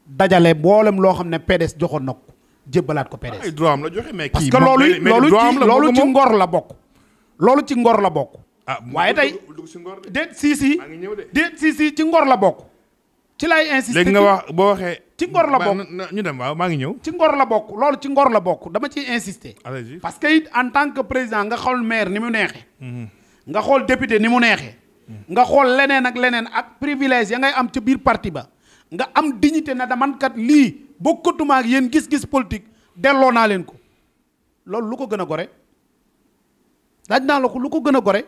dajale mboolem loo xam ne PDS joxoon na ko jébbalaat ko PDS. la joxe mais kii parce que loolu loolu ci loolu ci ngor la bokk. loolu ci ngor la bokk. ah waaye tey déet si si déet si si ci ngor la bokk. ci lay insister léegi nga wax boo waxee. ci ngor la bokk ñu dem waaw maa ngi ñëw. ci ngor la bokk loolu ci ngor la bokk dama ciy insister. parce que en tant que président nga xool maire ni mu neexee. Mhm. nga xool député ni mu neexee. Mhm. nga xool leneen ak leneen ak privilège ya ngay am ca biir parti ba. nga am dignité na daman kat lii bokkatuma ak yéen gis-gis politique delloo naa leen ko loolu lu ko gën a gore. laaj naa la ko lu ko gën a gore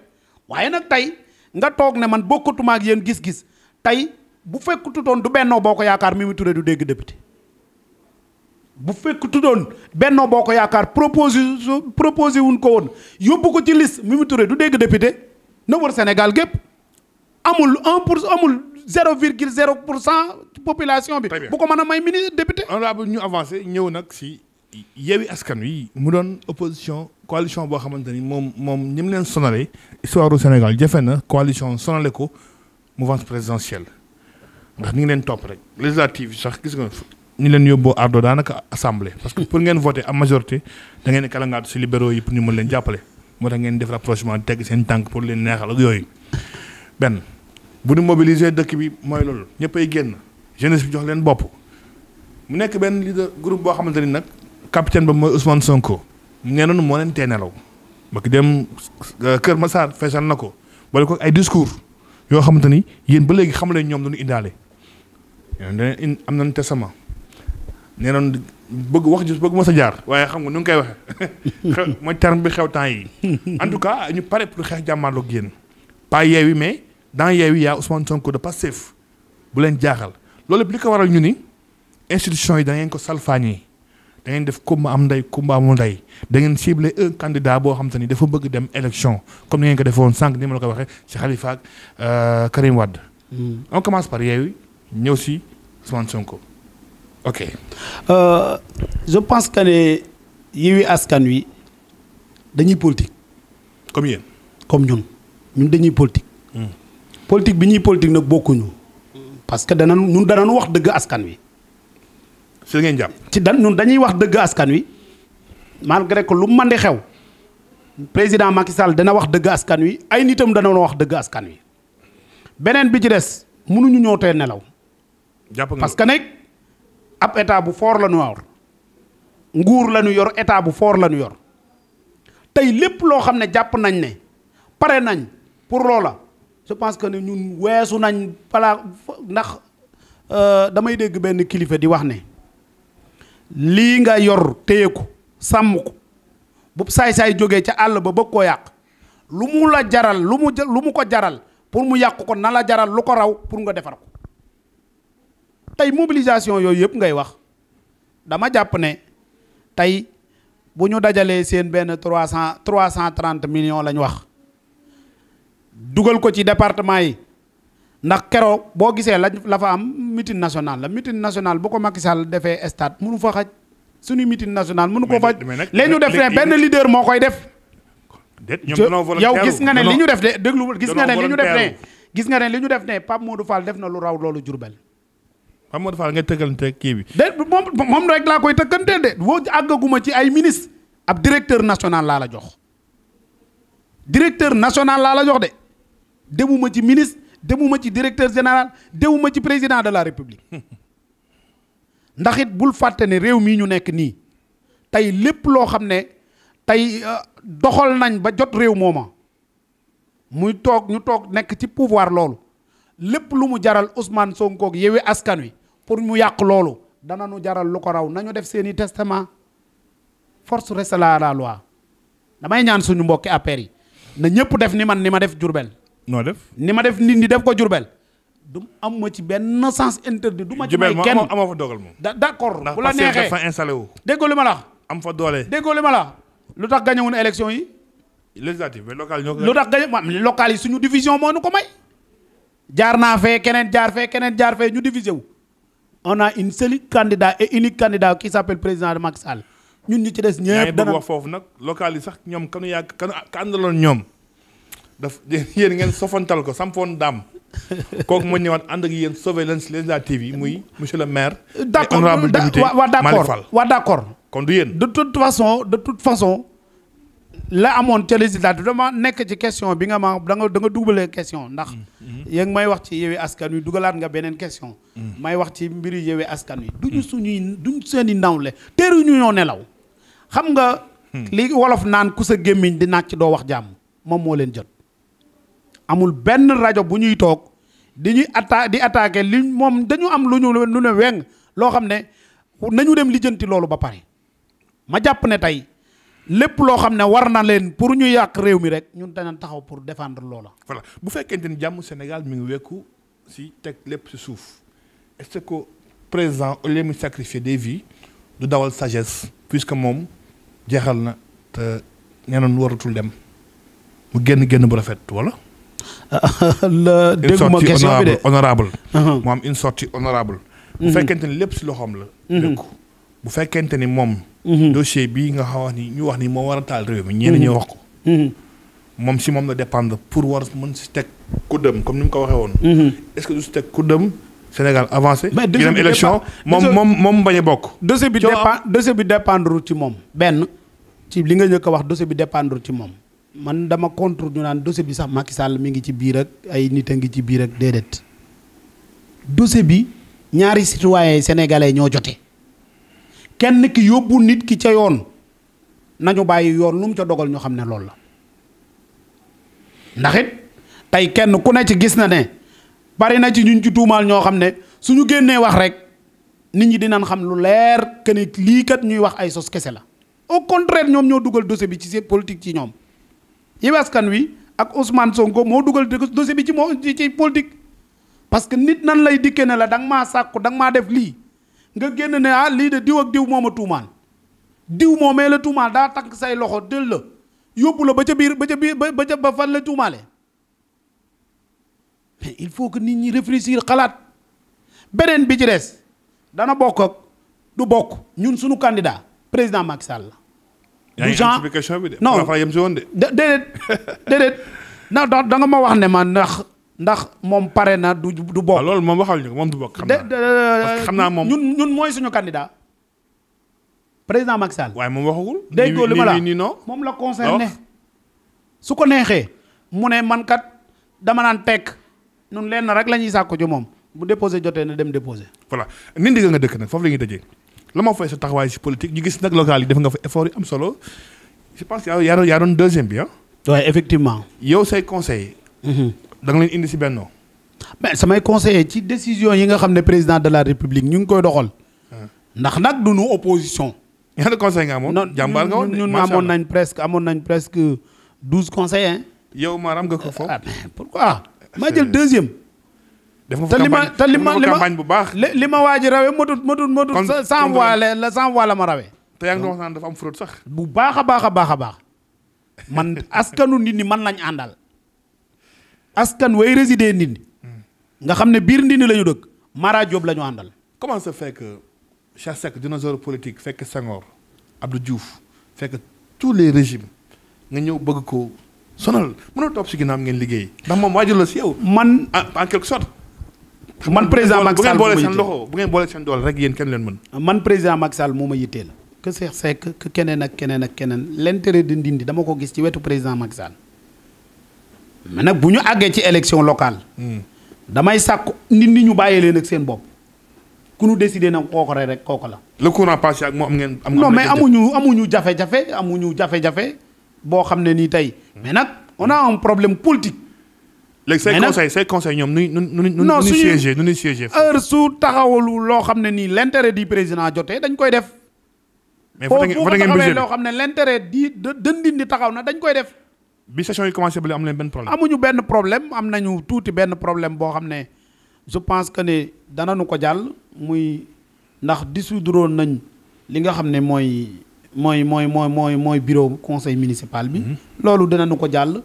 waaye nag tey nga toog ne man bokkatuma ak yéen gis-gis tey bu fekk tuddoon du bennoo boo ko yaakaar mi Mimi Touré du dégg député bu fekk tuddoon bennoo boo ko yaakaar proposé proposé wuñ ko woon yóbbu ko ci liste Mimi Touré du dégg député na wër Sénégal gépp amul un pour amul zéro virgule zéro pour cent population bi. bu ko mën a may ministre député. on ñu avancé ñëw nag si. Yewwi Askan Wi mu doon opposition coalition boo xamante ni moom moom ñi leen sonale histoire du Sénégal jafe na coalition sonale ko mouvance présidentielle ndax ni ngi leen topp rek législative sax gis nga ñu leen yóbboo ardo daanaka assemblée parce que pour ngeen voter am majorité da ngeen kalangaatu si libéraux yi pour ñu mën leen jàppale moo tax ngeen def rapprochement tegg seen tànk pour leen neexal ak yooyu benn bu ñu mobiliser dëkk bi mooy loolu ñëppay génn jeunesse bi jox leen bopp nekk benn groupe boo xamante ni nag capitaine ba mooy Ousmane Sonko nee nañu moo leen tee nelaw ba ki dem euh, Kër Massar feesal na ko wala ko ay discours yoo xamante ni yéen ba léegi xam leen ñoom dañu indaale. nee am nañu te sama nee nañu bëgg wax ji ma sa jaar waaye xam nga nu ngi koy waxee mooy terme bi xew temps yi en tout cas a ñu pare pour xeex jàmmaarloog yéen pas Yewwi mais dans Yewwi yaa Ousmane Sonko de Pastef bu leen jaaxal loolu li ko waral ñu ni institution yi da ngeen ko yi da ngeen def kumba am ndey kumba amul ndey da ngeen ciblé un boo xam te ni dafa bëgg dem élection comme ni ngeen ko defee woon sànq ni ma la ko waxee ci Khalifa ak euh, Karim Wade. Hmm. on commence par Yewwi ñëw ci Ousmane Sonko. Euh, pense que ne Askan Wi dañuy politique. comme yéen. comme ñun ñun dañuy politique. Hmm. politique bi ñuy politique nag bokkuñu. parce que danañ ñun danañ wax dëgg askan wi. si ngeen ci dan ñun dañuy wax dëgg askan wi malgré ko lu man di xew président Macky Sall dana wax dëgg askan wi ay nitam dana wax dëgg askan wi beneen bi ci des mënuñu ñoo tee nelaw. jàpp parce que nag ab état bu foor la ñu nguur la ñu yor état bu foor lañu yor tey lépp loo xam ne jàpp nañ ne pare nañ pour loola je pense que ne ñun weesu nañ balaa ndax euh, damay dégg benn kilifa di wax ne. lii nga yor téye ko sàmm ko bu saay-saay jógee ca àll ba bëgg koo yàq lu mu la jaral lu mu lu mu ko jaral pour mu yàq ko na la jaral lu ko raw pour nga defar ko tey mobilisation yooyu yëpp ngay wax dama jàpp ne tey bu ñu dajalee seen benn trois cent trois cent trente million la ñu wax dugal ko ci département yi ndax keroog boo gisee la la fa am meeting national la meeting national bu ko Macky Sall defee stade mënu fa xaj suñu meeting national mënu ko faj léegi ñu def ne benn leader moo koy def yow gis nga ne li ñu def de déglu gis nga ne li ñu def ne gis nga ne li ñu def ne Pape Modou def na lu raw loolu Jurbel Pape Modou Fall nga tëkkante kii bi de moom moom rek laa koy tëkkante de woo àggaguma ci ay ministre ab directeur national laa la jox directeur national laa la jox de demuma ci ministre demuma ci directeur général demuma ci président de la république ndax it bul fàtte ni réew mii ñu nekk nii tey lépp loo xam ne tey euh, doxal nañ ba jot réew mooma muy toog ñu toog nekk ci pouvoir loolu lépp lu mu jaral Ousmane Sonko ak Yewwi Askan Wi pour mu yàq loolu dana nu jaral lu ko raw nañu def seeni testament force reste à damay ñaan suñu mbokki affaire yi na ñëpp def ni man ni ma def Jurbel noo def ni ma def nit ñi def ko Jurbel du am ma ci benn sens interdit du ma ci may kenn am fa dogal moom d' accord bu la neexee dafa installé wu déggoo li ma la am fa doole déggoo li ma la lu tax gañe woon élection yi législative mais local ñoo ko lu tax gañe local yi suñu division moo nu ko may jaar naa fee keneen jaar fee keneen jaar fee ñu divisé wu on a une seule candidat et unique candidat qui s' appelle président de Macky Sall ñun ñu ci des ñëpp dana wax foofu nag local yi sax ñoom kanu yàgg kanu àndaloon ñoom daf yéen ngeen sofantal ko sampoon dàmm kooku moo ñëwaat ànd ak yéen sauver leen si législative yi muy monsieur le maire. d' accord honorable député Malick Fall accord kon du yéen de toute façon de toute façon la amoon ca législative dama nekk ci question bi nga ma da nga da question ndax. Mm, mm. yaa ngi may wax ci Yewwi Askan Wi dugalaat nga beneen question. Mm. may wax ci mbiru Yewwi Askan Wi. duñu suñuy duñ seen i ndawle ñu ñoo nelaw xam nga. li wolof naan ku sa gémmiñ di nàcc doo wax jàmm moom moo leen jot. amul benn rajo bu ñuy toog di ñuy atta di attaqué li moom dañu am lu ñu lu ne weng loo xam ne nañu dem lijjanti loolu ba pare ma jàpp ne tey lépp loo xam ne war na leen pour ñuy yàq réew mi rek ñun danañ taxaw pour défendre loola. voilà bu fekkente ni jàmm Sénégal mi ngi wekku si teg lépp si suuf est-ce que président au lieu mu sacrifier des vie du dawal sagesse puisque moom jeexal na te nee na waratul dem mu génn génn bu rafet wala. la dégguma question bi de honorable uh-huh. une sortie honorable bu mm-hmm. fekkente ni lépp si loxoom la mm-hmm. bu fekkente ni moom mm-hmm. dossier bii nga xam ni ñu wax ni moo war a taal réew mi ñenn ñi wax ko moom si moom la dépendre pour war mën si teg kuddam comme ni mu ko waxee woon teg kuddam Sénégal avancé. mais dossier bi élection moom moom moom bañ a bokk. dossier bi dépend dossier bi dépendre ci moom. benn ci li nga njëkk wax dose bi dépendre ci moom. man dama contre ñu naan dossier bi sax Macky Sall mi ngi ci biir ak ay nit a ngi ci biir ak déedéet dossier bi ñaari citoyen sénégalais ñoo jote kenn ki yóbbu nit ki ca yoon nañu bàyyi yoon lu ca dogal ñu xam ne loolu la ndax it tey kenn ku ne ci gis na ne bari na ci ñun ci tuumaal ñoo xam ne su ñu génnee wax rek nit ñi dinañ xam lu leer que lii kat ñuy wax ay sos kese la au contraire ñoom ñoo dugal dose bi ci seen politique ci ñoom. Yewwi Askan Wi ak Ousmane Sonko moo dugal dossier bi ci moo ci politique parce que nit nan lay dikkee ne la danga maa sàkku danga maa def lii nga génn ne ah lii de diw ak diw moo ma tuumaal diw moo mee la tuumaal daa tànk say loxo dël la yóbbu la ba ca biir ba ca biir ba ba fan la tuumaale mais il faut que nit ñi réfléchir xalaat beneen bi ci des dana bokk ak du bokk ñun suñu candidat président Macky Sall la du genre explication bi de. non Faraa yem si woon de. déedéet déedéet non da nga ma wax ne ma ndax. ndax moom pare na du du bokk. Ah, loolu moom waxal ñu ko moom du bokk. xam naa moom ñun mooy suñu candidat. président Macky Sall. waaye moom waxagul. dégg li ma la moom la concerné. su ko neexee mu ne man kat dama naan tekk ñun lenn rek la ñuy sàkku ci moom bu déposé jotee na dem déposé. voilà ni ndigal nga dëkk nag foofu la ñuy dajee. la ma fay sa taxawaay si politique ñu gis nag local yi def nga fa effort yu am solo je pense que yaa yaa doon deuxième bi ah. waaye effectivement. yow say conseillers. Mm-hmm. da nga leen indi si benno mais samay conseil ci décision yi nga xam ne président de la république ñu ngi koy doxal. Ah. ndax nag du nu opposition. ñaata conseil nga amoon jàmbaar nga woon ñun amoon nañ presque amoon nañ presque douze conseillers. yow maanaam nga ko foofu. Ah, pourquoi eh, maa jël eh. deuxième. def nga fa campagne te li ma bu baax. li ma waaj a rawee matut matut matut. san voix la cent voix la ma rawee. te yaa ngi wax naan dafa am fraude sax. bu baax a baax a baax a baax man askanu nit ñi man lañ àndal askan way résider nit hmm. nga xam ne biir nit ñi la ñu dëkk Mara Diop la ñu àndal. comment fekk fait que Cheikh Seck politique fekk Senghor Abdou Diouf fekk tous les résimes nga ñëw bëgg ko sonal mënoo topp si ginnaaw ngeen liggéey. ndax moom waajur la si yow. man en quelque sorte. man président Macky Sall bu ngeen boole seen loxo bu ngeen boole seen doole rek yéen kenn leen ah, keneen ak keneen ak keneen leen l'intérêt de Ndindi dama ko gis ci wetu président Macky Sall. mais nag bu ñu àggee ci élection locale. Hmm. damay sàkk Ndindi ñu bàyyee leen ak seen bopp. ku nu décidé nag kooku rek kooku la. le courant passé ak moo am ngeen. am non mais amuñu amuñu jafe-jafe amuñu jafe-jafe boo xam ne nii tey. mais nag a un problème politique. léegi say conseil say conseil ñoom nu nu nu non suñu su taxawalu loo xam ne nii l' intérêt président jotee dañ koy def mais fa ngeen budget loo xam ne l' intérêt di taxaw na dañ koy def bi session yi commencé ba am leen benn problème amuñu benn problème am nañu tuuti benn problème boo xam ne je pense que ne danañu ko jàll muy ndax dissoudre nañ li nga xam ne mooy mooy mooy mooy mooy mooy bureau conseil municipal bi mm-hmm. loolu dinañu ko jàll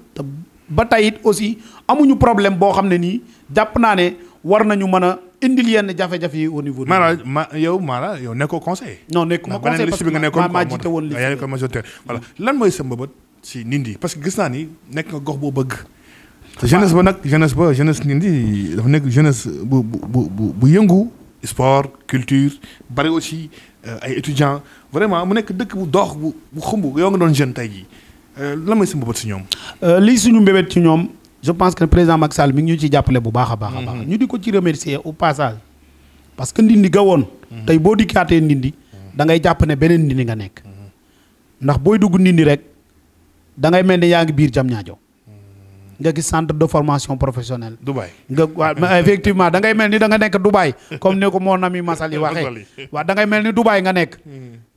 ba tey it aussi amuñu problème boo xam ne nii jàpp naa ne war nañu mën a indil yenn jafe-jafe yi au niveau. Mara ma yow Mara yow nekkoo conseil. non nekkuma conseil parce que ma maa jiite woon liste bi nga nekkoon majoritaire mm. voilà lan mooy sa mbëbët si Ndindi parce que gis naa ni nekk nga gox boo bëgg. jeunesse ba nag jeunesse ba jeunesse Ndindi dafa nekk jeunesse bu bu bu bu yëngu. sport culture bari aussi euh, ay étudiants vraiment mu nekk dëkk bu doox bu bu xumb yow nga doon jeune tey jii. Euh, lan mooy sa mbëbët si ñoom. Euh, lii suñu mbébét ci ñoom je pense que président Macky Sall mi ngi ñu ci jàppale bu baax a baax a baax. Mm-hmm. ñu di ko ci remercier au passage parce que ndindi ga woon. Mm-hmm. tey boo dikkaatee ndindi. Mm-hmm. da ngay jàpp ne beneen ndindi nga nekk. ndax booy dugg ndindi rek da ngay mel ni yaa ngi biir jam ñaajo nga gis centre de formation professionnelle. Dubaï nga waaw effectivement da ngay mel ni da nga nekk Dubaï comme ni ko mon ami Massaly waxee.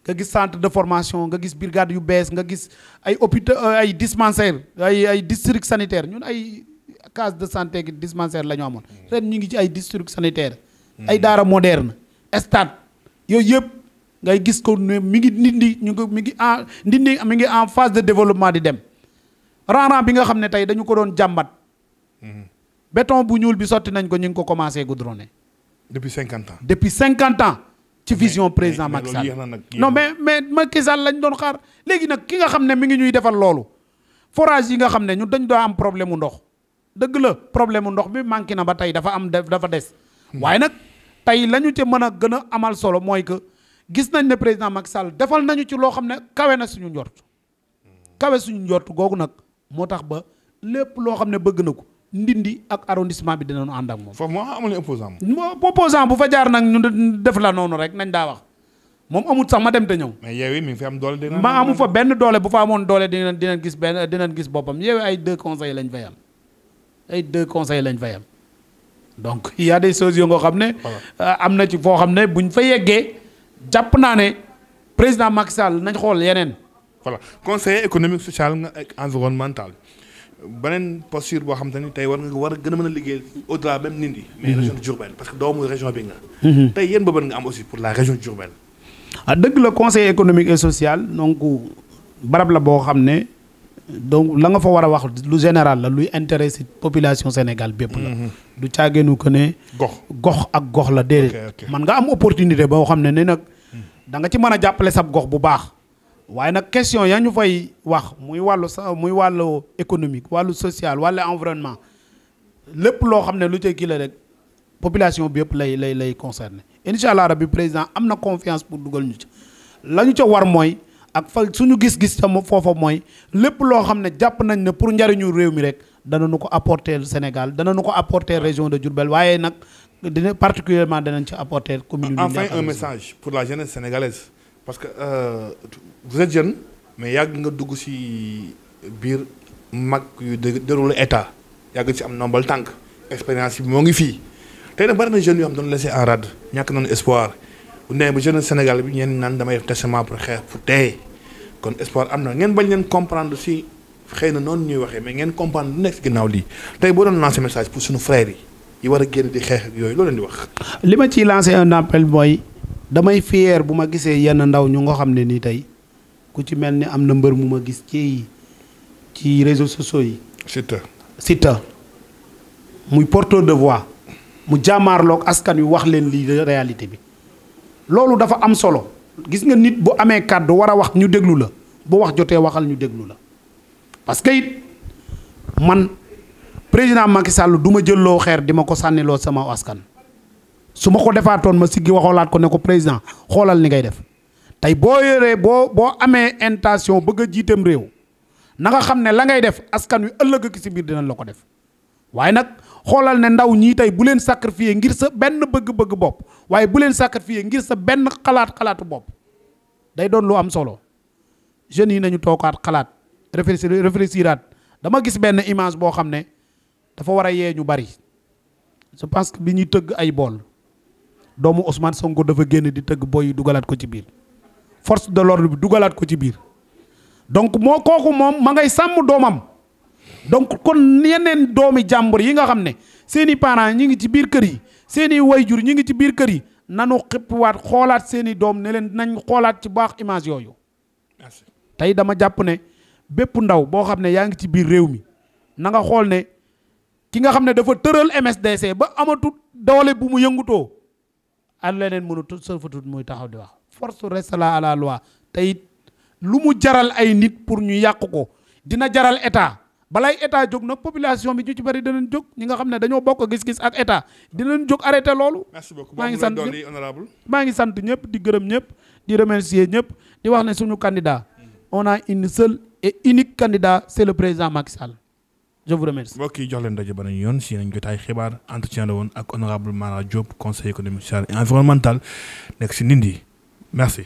nga gis centre de formation nga gis brigade yu bees nga gis ay hôpitaux euh, ay dispensaire ay ay district sanitaire ñun ay case de santé ak dispensaire la ñu amoon ren ñu ngi ci ay district sanitaire ay hmm. daara moderne stade yooyu yëpp ngay gis ko ne mi ngi ndindi ñu ngi mi ngi en ndindi mi ngi en phase de développement di dem ran-ran bi nga xam ne tey dañu ko doon jàmbat hmm. béton bu ñuul bi sotti nañ ko ñu ngi ko commencé goudronné depuis cinquante ans depuis cinquante ans ci vision président Macky Sall non mais mais Macky Sall lañ doon xaar léegi nag ki nga xam ne mu ngi ñuy defal loolu forage yi nga xam ne ñun dañ doon am problème mu ndox dëgg la problème mu ndox mi manqué na ba tey dafa am def dafa des waaye nag tey lañu ñu mën a gën a amal solo mooy que gis nañ ne président Macky Sall defal nañu ci loo xam ne kawe na suñu njort kawe suñu njort googu nag moo tax ba lépp loo xam ne bëgg na ko ndindi ak arrondissement bi dinañu ànd ak moom. foofu moo amul opposant opposant bu fa jaar nag ñu def la noonu rek nañ daa wax moom amut sax ma dem te ñëw. mais Yewwi mi ngi fi am doole dinañ. ma amu fa benn doole bu fa amoon doole dinañ dinañ gis benn dinañ gis boppam Yewwi ay deux conseils lañ fay am ay deux conseils lañ fay am donc y a des choses xam ne. Euh, am na ci foo xam ne buñ fa yeggee jàpp naa ne président Macky Sall nañ xool yeneen. voilà conseil économique social environnemental. beneen posture boo xam te ni tey war nga war a gën a mën a liggéey au delà même Nindi. Mhm. mais région de Diourbel parce que doomu région bi nga. Mhm. tey yéen bëbën nga am aussi pour la région de Diourbel. ah dëgg la conseil économique et social donc barab la boo xam ne donc la nga fa war a wax lu général la luy intéressé population Sénégal bépp la. Mhm. du caageenu que ne. gox gox ak gox la déedéet. man nga am opportunité boo xam ne ne nag da nga ci mën a jàppale sab bu baax. waaye nag question yaa ñu fay wax muy wàllu sa muy wàllu économique wàllu social wàllu environnement lépp loo xam ne lu cee kii la rek population bi yëpp lay lay lay concerné incha allah rabbi président am na confiance pour dugal ñu ci la ñu ca war mooy ak fa suñu gis-gis tam foofa mooy lépp loo xam ne jàpp nañ ne pour njariñu réew mi rek dana nu ko apporter Sénégal nu ko apporter région de Diourbel waaye nag dina particulièrement danañ ci apporter commune enfin un message pour la jeunesse sénégalaise parce que euh, vous êtes mais yàgg nga dugg ci biir mag yu de déroule état yàgg ci am nombal tànk expérience bi moo ngi fii tey nag bari na jeunes yoo doon dañu laissé en rade ñàkk nañu espoir bu nee ba jeune Sénégal bi ñeen naan damay def testament pour xeex pour tey kon espoir am na ngeen bañ leen comprendre si xëy na noonu ñuy waxee mais ngeen comprendre lu nekk ci ginnaaw lii tey boo doon lancé message pour suñu frères yi yi war a génn di xeex ak yooyu loo leen di wax. li ma ciy lancé un appel mooy. damay fier bu ma gisee yenn ndaw ñu nga xam ne nii tey ku ci mel ni am na mbër mu ma gis ci ci réseaux sociaux yi. Siteu Siteu muy porteur de voix mu jàmmaarloog askan wi wax leen lii réalité bi loolu dafa am solo gis nga nit bu amee kàddu war a wax ñu déglu la bu wax jotee waxal ñu déglu la parce que it man président Macky Sall du ma jëlloo xeer di ma ko sànniloo sama askan. su ma ko defaatoon ma siggi waxoolaat ko ne ko président xoolal ni ngay def tey boo yoree boo boo amee intention bëgg a jiiteem réew na xam ne la ngay def askan wi ëllëg ki si biir dinañ la ko def waaye nag xoolal ne ndaw ñii tey bu leen sacrifier ngir sa benn bëgg-bëgg bopp waaye bu leen sacrifier ngir sa benn xalaat-xalaatu bopp day doon lu am solo jeunes yi nañu toogaat xalaat réfléchir réfléchiraat dama gis benn image boo xam ne dafa war a yee ñu bari je pense que bi ñuy tëgg ay bool doomu Ousmane Sonko dafa génn di tëgg boy yi dugalaat ko ci biir force de l'ordre bi dugalaat ko ci biir donc moo kooku moom ma ngay sàmm doomam donc kon yeneen doomi jàmbur yi nga xam ne seeni parents ñi ngi ci biir kër yi seeni wayjur ñi ngi ci biir kër yi nanu xippiwaat xoolaat seeni doom ne leen nañ xoolaat ci baax image yooyu tey dama jàpp ne bépp ndaw boo xam ne yaa ngi ci biir réew mi na nga xool ne ki nga xam ne dafa tëral MSDC ba amatu doole bu mu yëngutoo ak leneen mënut sëfatut muy taxaw di wax force reste la à la loi te lu mu jaral ay nit pour ñu yàq ko dina jaral état balay état jóg nag population bi ñu ci bëri dinañ jóg ñi nga xam ne dañoo bokk gis-gis ak état dinañ jóg arrêté loolu. merci beaucoup maa ngi sant ñëpp maa ngi sant ñëpp di gërëm ñëpp di remercier ñëpp di wax ne suñu candidat on a une seule et unique candidat c'est le président Macky je vous remercie. mbokk yi jox leen ndaje ba nañu yoon si yeneen jotaay xibaar entretien la woon ak honorable a Diop conseil économique social et environnemental nekk si Ndindy merci.